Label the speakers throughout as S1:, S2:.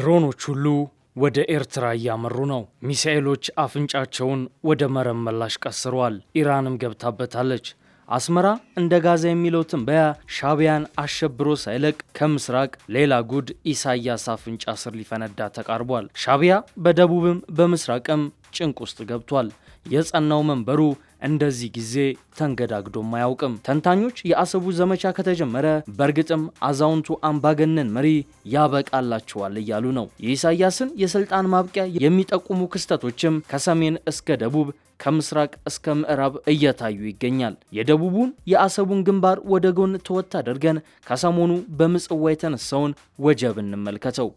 S1: ድሮኖች ሁሉ ወደ ኤርትራ እያመሩ ነው። ሚሳኤሎች አፍንጫቸውን ወደ መረብ መላሽ ቀስረዋል። ኢራንም ገብታበታለች። አስመራ እንደ ጋዛ የሚለው ትንበያ ሻቢያን አሸብሮ ሳይለቅ ከምስራቅ ሌላ ጉድ ኢሳያስ አፍንጫ ስር ሊፈነዳ ተቃርቧል። ሻቢያ በደቡብም በምስራቅም ጭንቅ ውስጥ ገብቷል። የጸናው መንበሩ እንደዚህ ጊዜ ተንገዳግዶም አያውቅም። ተንታኞች የአሰቡ ዘመቻ ከተጀመረ በእርግጥም አዛውንቱ አምባገነን መሪ ያበቃላቸዋል እያሉ ነው። የኢሳያስን የስልጣን ማብቂያ የሚጠቁሙ ክስተቶችም ከሰሜን እስከ ደቡብ ከምስራቅ እስከ ምዕራብ እየታዩ ይገኛል። የደቡቡን የአሰቡን ግንባር ወደ ጎን ተወት አድርገን ከሰሞኑ በምጽዋ የተነሳውን ወጀብ እንመልከተው።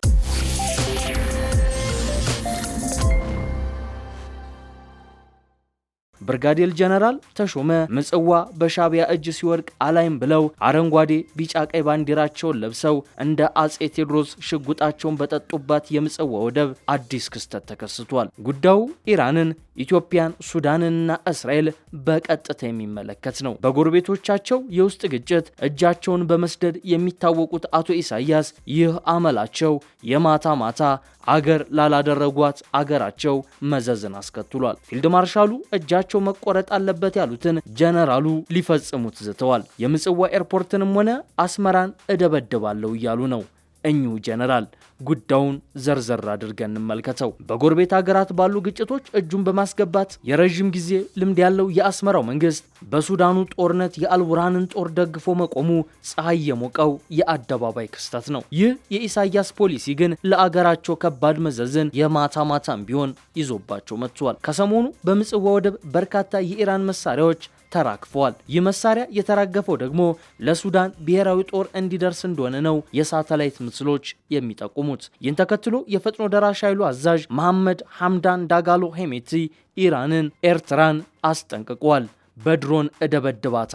S1: ብርጋዴር ጀነራል ተሾመ ምጽዋ በሻቢያ እጅ ሲወድቅ አላይም ብለው አረንጓዴ፣ ቢጫ፣ ቀይ ባንዲራቸውን ለብሰው እንደ አጼ ቴዎድሮስ ሽጉጣቸውን በጠጡባት የምጽዋ ወደብ አዲስ ክስተት ተከስቷል። ጉዳዩ ኢራንን ኢትዮጵያን፣ ሱዳንንና እስራኤል በቀጥታ የሚመለከት ነው። በጎረቤቶቻቸው የውስጥ ግጭት እጃቸውን በመስደድ የሚታወቁት አቶ ኢሳያስ ይህ አመላቸው የማታ ማታ አገር ላላደረጓት አገራቸው መዘዝን አስከትሏል። ፊልድ ማርሻሉ እጃቸው መቆረጥ አለበት ያሉትን ጀነራሉ ሊፈጽሙት ዝተዋል። የምጽዋ ኤርፖርትንም ሆነ አስመራን እደበድባለሁ እያሉ ነው። እኚሁ ጄኔራል ጉዳዩን ዘርዘር አድርገን እንመልከተው። በጎረቤት ሀገራት ባሉ ግጭቶች እጁን በማስገባት የረዥም ጊዜ ልምድ ያለው የአስመራው መንግስት በሱዳኑ ጦርነት የአልቡርሃንን ጦር ደግፎ መቆሙ ፀሐይ የሞቀው የአደባባይ ክስተት ነው። ይህ የኢሳያስ ፖሊሲ ግን ለአገራቸው ከባድ መዘዝን የማታ ማታም ቢሆን ይዞባቸው መጥቷል። ከሰሞኑ በምጽዋ ወደብ በርካታ የኢራን መሳሪያዎች ተራክፏል። ይህ መሳሪያ የተራገፈው ደግሞ ለሱዳን ብሔራዊ ጦር እንዲደርስ እንደሆነ ነው የሳተላይት ምስሎች የሚጠቁሙት። ይህን ተከትሎ የፈጥኖ ደራሽ ኃይሉ አዛዥ መሐመድ ሐምዳን ዳጋሎ ሄሜቲ ኢራንን፣ ኤርትራን አስጠንቅቋል። በድሮን አደባያት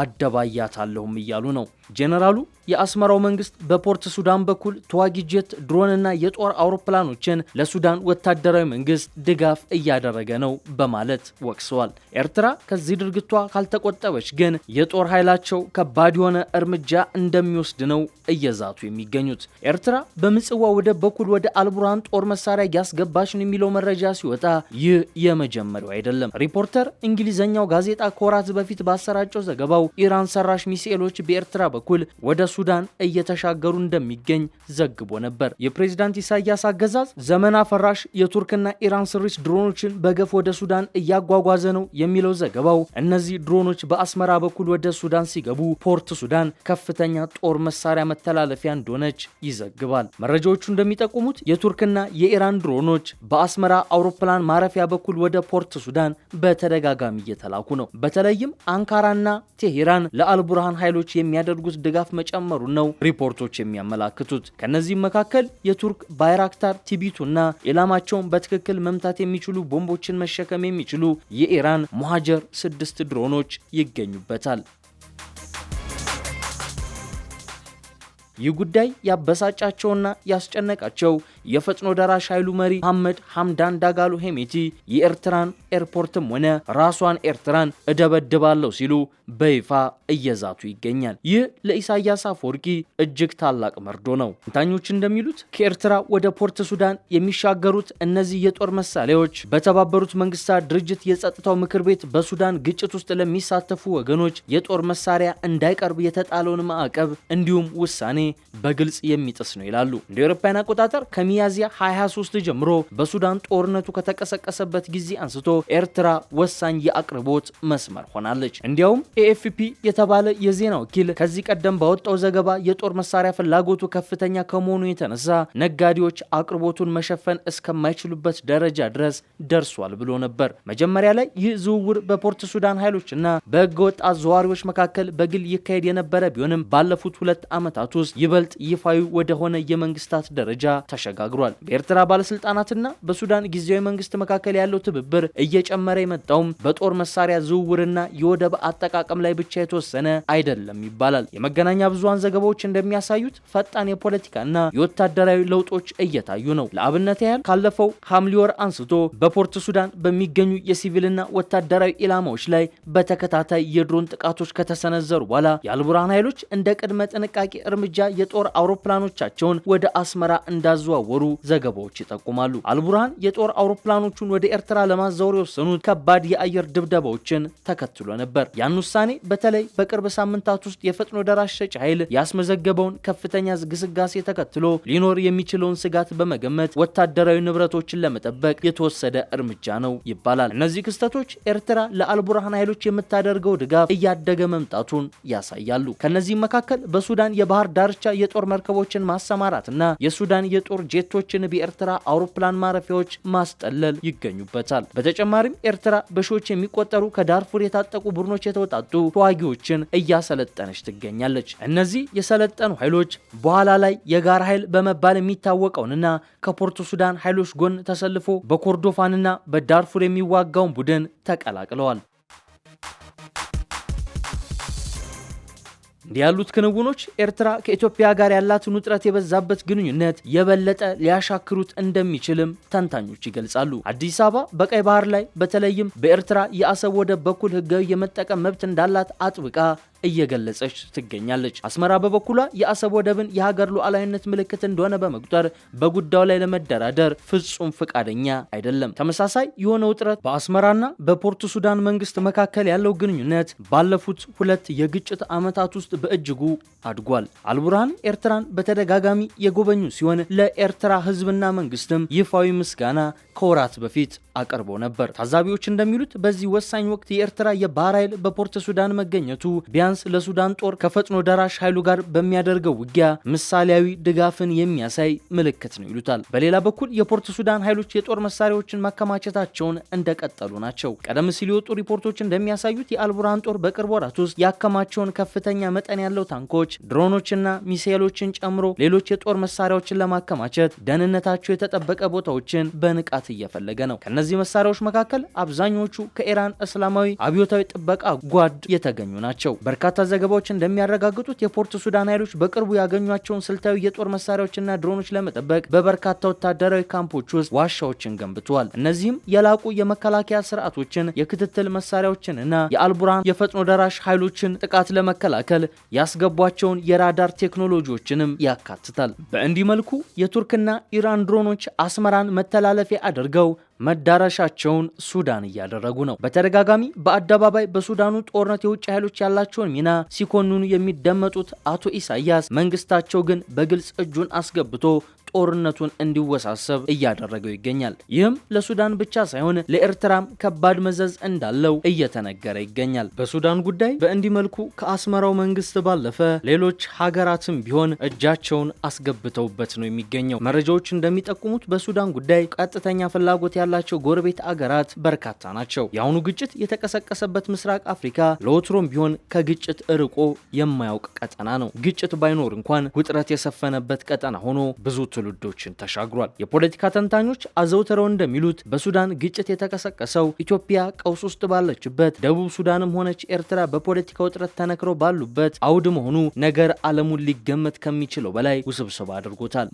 S1: አደባያታለሁም እያሉ ነው። ጄኔራሉ የአስመራው መንግስት በፖርት ሱዳን በኩል ተዋጊ ጄት፣ ድሮንና የጦር አውሮፕላኖችን ለሱዳን ወታደራዊ መንግስት ድጋፍ እያደረገ ነው በማለት ወቅሰዋል። ኤርትራ ከዚህ ድርጊቷ ካልተቆጠበች ግን የጦር ኃይላቸው ከባድ የሆነ እርምጃ እንደሚወስድ ነው እየዛቱ የሚገኙት። ኤርትራ በምጽዋ ወደብ በኩል ወደ አልቡራን ጦር መሳሪያ ያስገባች ነው የሚለው መረጃ ሲወጣ ይህ የመጀመሪያው አይደለም። ሪፖርተር እንግሊዘኛው ጋዜጣ ከወራት በፊት ባሰራጨው ዘገባው ኢራን ሰራሽ ሚሳኤሎች በኤርትራ በኩል ወደ ሱዳን እየተሻገሩ እንደሚገኝ ዘግቦ ነበር። የፕሬዚዳንት ኢሳያስ አገዛዝ ዘመን አፈራሽ የቱርክና ኢራን ስሪስ ድሮኖችን በገፍ ወደ ሱዳን እያጓጓዘ ነው የሚለው ዘገባው እነዚህ ድሮኖች በአስመራ በኩል ወደ ሱዳን ሲገቡ ፖርት ሱዳን ከፍተኛ ጦር መሳሪያ መተላለፊያ እንደሆነች ይዘግባል። መረጃዎቹ እንደሚጠቁሙት የቱርክና የኢራን ድሮኖች በአስመራ አውሮፕላን ማረፊያ በኩል ወደ ፖርት ሱዳን በተደጋጋሚ እየተላኩ ነው። በተለይም አንካራና ቴሄራን ለአልቡርሃን ኃይሎች የሚያደርጉ ፍላጎት ድጋፍ መጨመሩ ነው ሪፖርቶች የሚያመላክቱት። ከነዚህም መካከል የቱርክ ባይራክታር ቲቢቱና ኢላማቸውን በትክክል መምታት የሚችሉ ቦምቦችን መሸከም የሚችሉ የኢራን ሙሃጀር ስድስት ድሮኖች ይገኙበታል። ይህ ጉዳይ ያበሳጫቸውና ያስጨነቃቸው የፈጥኖ ደራሽ ኃይሉ መሪ መሐመድ ሐምዳን ዳጋሉ ሄሜቲ የኤርትራን ኤርፖርትም ሆነ ራሷን ኤርትራን እደበድባለሁ ሲሉ በይፋ እየዛቱ ይገኛል። ይህ ለኢሳያስ አፈወርቂ እጅግ ታላቅ መርዶ ነው። ተንታኞች እንደሚሉት ከኤርትራ ወደ ፖርት ሱዳን የሚሻገሩት እነዚህ የጦር መሳሪያዎች በተባበሩት መንግስታት ድርጅት የጸጥታው ምክር ቤት በሱዳን ግጭት ውስጥ ለሚሳተፉ ወገኖች የጦር መሳሪያ እንዳይቀርብ የተጣለውን ማዕቀብ እንዲሁም ውሳኔ በግልጽ የሚጥስ ነው ይላሉ። እንደ አውሮፓውያን አቆጣጠር ከሚያዚያ 23 ጀምሮ በሱዳን ጦርነቱ ከተቀሰቀሰበት ጊዜ አንስቶ ኤርትራ ወሳኝ የአቅርቦት መስመር ሆናለች። እንዲያውም ኤኤፍፒ የተባለ የዜና ወኪል ከዚህ ቀደም ባወጣው ዘገባ የጦር መሳሪያ ፍላጎቱ ከፍተኛ ከመሆኑ የተነሳ ነጋዴዎች አቅርቦቱን መሸፈን እስከማይችሉበት ደረጃ ድረስ ደርሷል ብሎ ነበር። መጀመሪያ ላይ ይህ ዝውውር በፖርት ሱዳን ኃይሎች እና በህገወጥ አዘዋሪዎች መካከል በግል ይካሄድ የነበረ ቢሆንም ባለፉት ሁለት ዓመታት ውስጥ ይበልጥ ይፋዊ ወደሆነ የመንግስታት ደረጃ ተሸጋግሯል። በኤርትራ ባለስልጣናትና በሱዳን ጊዜያዊ መንግስት መካከል ያለው ትብብር እየጨመረ የመጣውም በጦር መሳሪያ ዝውውርና የወደብ አጠቃቀም ላይ ብቻ የተወሰነ አይደለም ይባላል። የመገናኛ ብዙሃን ዘገባዎች እንደሚያሳዩት ፈጣን የፖለቲካና የወታደራዊ ለውጦች እየታዩ ነው። ለአብነት ያህል ካለፈው ሐምሌ ወር አንስቶ በፖርት ሱዳን በሚገኙ የሲቪልና ወታደራዊ ኢላማዎች ላይ በተከታታይ የድሮን ጥቃቶች ከተሰነዘሩ በኋላ የአልቡርሃን ኃይሎች እንደ ቅድመ ጥንቃቄ እርምጃ የጦር አውሮፕላኖቻቸውን ወደ አስመራ እንዳዘዋወሩ ዘገባዎች ይጠቁማሉ። አልቡርሃን የጦር አውሮፕላኖቹን ወደ ኤርትራ ለማዛወር የወሰኑት ከባድ የአየር ድብደባዎችን ተከትሎ ነበር። ያን ውሳኔ በተለይ በቅርብ ሳምንታት ውስጥ የፈጥኖ ደራሽ ሸጭ ኃይል ያስመዘገበውን ከፍተኛ ግስጋሴ ተከትሎ ሊኖር የሚችለውን ስጋት በመገመት ወታደራዊ ንብረቶችን ለመጠበቅ የተወሰደ እርምጃ ነው ይባላል። እነዚህ ክስተቶች ኤርትራ ለአልቡርሃን ኃይሎች የምታደርገው ድጋፍ እያደገ መምጣቱን ያሳያሉ። ከነዚህም መካከል በሱዳን የባህር ዳር ዳርቻ የጦር መርከቦችን ማሰማራትና የሱዳን የጦር ጄቶችን በኤርትራ አውሮፕላን ማረፊያዎች ማስጠለል ይገኙበታል። በተጨማሪም ኤርትራ በሺዎች የሚቆጠሩ ከዳርፉር የታጠቁ ቡድኖች የተወጣጡ ተዋጊዎችን እያሰለጠነች ትገኛለች። እነዚህ የሰለጠኑ ኃይሎች በኋላ ላይ የጋራ ኃይል በመባል የሚታወቀውንና ከፖርቱ ሱዳን ኃይሎች ጎን ተሰልፎ በኮርዶፋንና በዳርፉር የሚዋጋውን ቡድን ተቀላቅለዋል። እንዲህ ያሉት ክንውኖች ኤርትራ ከኢትዮጵያ ጋር ያላትን ውጥረት የበዛበት ግንኙነት የበለጠ ሊያሻክሩት እንደሚችልም ተንታኞች ይገልጻሉ። አዲስ አበባ በቀይ ባህር ላይ በተለይም በኤርትራ የአሰብ ወደብ በኩል ህጋዊ የመጠቀም መብት እንዳላት አጥብቃ እየገለጸች ትገኛለች። አስመራ በበኩሏ የአሰብ ወደብን የሀገር ሉዓላዊነት ምልክት እንደሆነ በመቁጠር በጉዳዩ ላይ ለመደራደር ፍጹም ፈቃደኛ አይደለም። ተመሳሳይ የሆነ ውጥረት በአስመራና በፖርት ሱዳን መንግስት መካከል ያለው ግንኙነት ባለፉት ሁለት የግጭት ዓመታት ውስጥ በእጅጉ አድጓል። አልቡርሃን ኤርትራን በተደጋጋሚ የጎበኙ ሲሆን ለኤርትራ ሕዝብና መንግስትም ይፋዊ ምስጋና ከወራት በፊት አቅርቦ ነበር። ታዛቢዎች እንደሚሉት በዚህ ወሳኝ ወቅት የኤርትራ የባህር ኃይል በፖርት ሱዳን መገኘቱ ቢያ አሊያንስ ለሱዳን ጦር ከፈጥኖ ደራሽ ኃይሉ ጋር በሚያደርገው ውጊያ ምሳሌያዊ ድጋፍን የሚያሳይ ምልክት ነው ይሉታል። በሌላ በኩል የፖርት ሱዳን ኃይሎች የጦር መሳሪያዎችን ማከማቸታቸውን እንደቀጠሉ ናቸው። ቀደም ሲል የወጡ ሪፖርቶች እንደሚያሳዩት የአልቡራን ጦር በቅርብ ወራት ውስጥ ያከማቸውን ከፍተኛ መጠን ያለው ታንኮች፣ ድሮኖችና ሚሳኤሎችን ጨምሮ ሌሎች የጦር መሳሪያዎችን ለማከማቸት ደህንነታቸው የተጠበቀ ቦታዎችን በንቃት እየፈለገ ነው። ከእነዚህ መሳሪያዎች መካከል አብዛኞቹ ከኢራን እስላማዊ አብዮታዊ ጥበቃ ጓድ የተገኙ ናቸው። በርካታ ዘገባዎች እንደሚያረጋግጡት የፖርት ሱዳን ኃይሎች በቅርቡ ያገኟቸውን ስልታዊ የጦር መሳሪያዎችና ድሮኖች ለመጠበቅ በበርካታ ወታደራዊ ካምፖች ውስጥ ዋሻዎችን ገንብተዋል። እነዚህም የላቁ የመከላከያ ስርዓቶችን፣ የክትትል መሳሪያዎችን እና የአልቡራን የፈጥኖ ደራሽ ኃይሎችን ጥቃት ለመከላከል ያስገቧቸውን የራዳር ቴክኖሎጂዎችንም ያካትታል። በእንዲህ መልኩ የቱርክና ኢራን ድሮኖች አስመራን መተላለፊያ አድርገው መዳረሻቸውን ሱዳን እያደረጉ ነው። በተደጋጋሚ በአደባባይ በሱዳኑ ጦርነት የውጭ ኃይሎች ያላቸውን ሚና ሲኮንኑ የሚደመጡት አቶ ኢሳያስ መንግስታቸው ግን በግልጽ እጁን አስገብቶ ጦርነቱን እንዲወሳሰብ እያደረገው ይገኛል። ይህም ለሱዳን ብቻ ሳይሆን ለኤርትራም ከባድ መዘዝ እንዳለው እየተነገረ ይገኛል። በሱዳን ጉዳይ በእንዲህ መልኩ ከአስመራው መንግስት ባለፈ ሌሎች ሀገራትም ቢሆን እጃቸውን አስገብተውበት ነው የሚገኘው። መረጃዎች እንደሚጠቁሙት በሱዳን ጉዳይ ቀጥተኛ ፍላጎት ያለ ያላቸው ጎረቤት አገራት በርካታ ናቸው። የአሁኑ ግጭት የተቀሰቀሰበት ምስራቅ አፍሪካ ለወትሮም ቢሆን ከግጭት እርቆ የማያውቅ ቀጠና ነው። ግጭት ባይኖር እንኳን ውጥረት የሰፈነበት ቀጠና ሆኖ ብዙ ትውልዶችን ተሻግሯል። የፖለቲካ ተንታኞች አዘውትረው እንደሚሉት በሱዳን ግጭት የተቀሰቀሰው ኢትዮጵያ ቀውስ ውስጥ ባለችበት፣ ደቡብ ሱዳንም ሆነች ኤርትራ በፖለቲካ ውጥረት ተነክረው ባሉበት አውድ መሆኑ ነገር ዓለሙን ሊገመት ከሚችለው በላይ ውስብስብ አድርጎታል።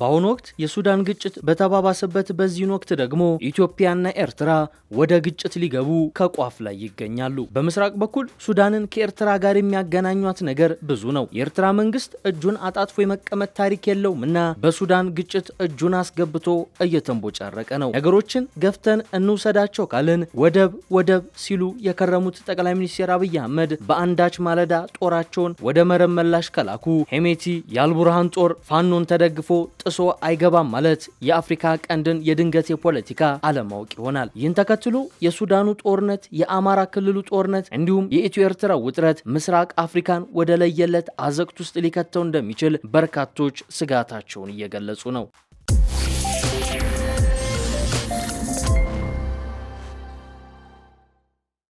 S1: በአሁኑ ወቅት የሱዳን ግጭት በተባባሰበት በዚህን ወቅት ደግሞ ኢትዮጵያና ኤርትራ ወደ ግጭት ሊገቡ ከቋፍ ላይ ይገኛሉ። በምስራቅ በኩል ሱዳንን ከኤርትራ ጋር የሚያገናኟት ነገር ብዙ ነው። የኤርትራ መንግስት እጁን አጣጥፎ የመቀመጥ ታሪክ የለውም እና በሱዳን ግጭት እጁን አስገብቶ እየተንቦጫረቀ ነው። ነገሮችን ገፍተን እንውሰዳቸው ካልን ወደብ ወደብ ሲሉ የከረሙት ጠቅላይ ሚኒስትር አብይ አህመድ በአንዳች ማለዳ ጦራቸውን ወደ መረብ መላሽ ከላኩ ሄሜቲ የአልቡርሃን ጦር ፋኖን ተደግፎ ጥሶ አይገባም ማለት የአፍሪካ ቀንድን የድንገት የፖለቲካ አለማወቅ ይሆናል። ይህን ተከትሎ የሱዳኑ ጦርነት፣ የአማራ ክልሉ ጦርነት እንዲሁም የኢትዮ ኤርትራ ውጥረት ምስራቅ አፍሪካን ወደ ለየለት አዘቅት ውስጥ ሊከተው እንደሚችል በርካቶች ስጋታቸውን እየገለጹ ነው።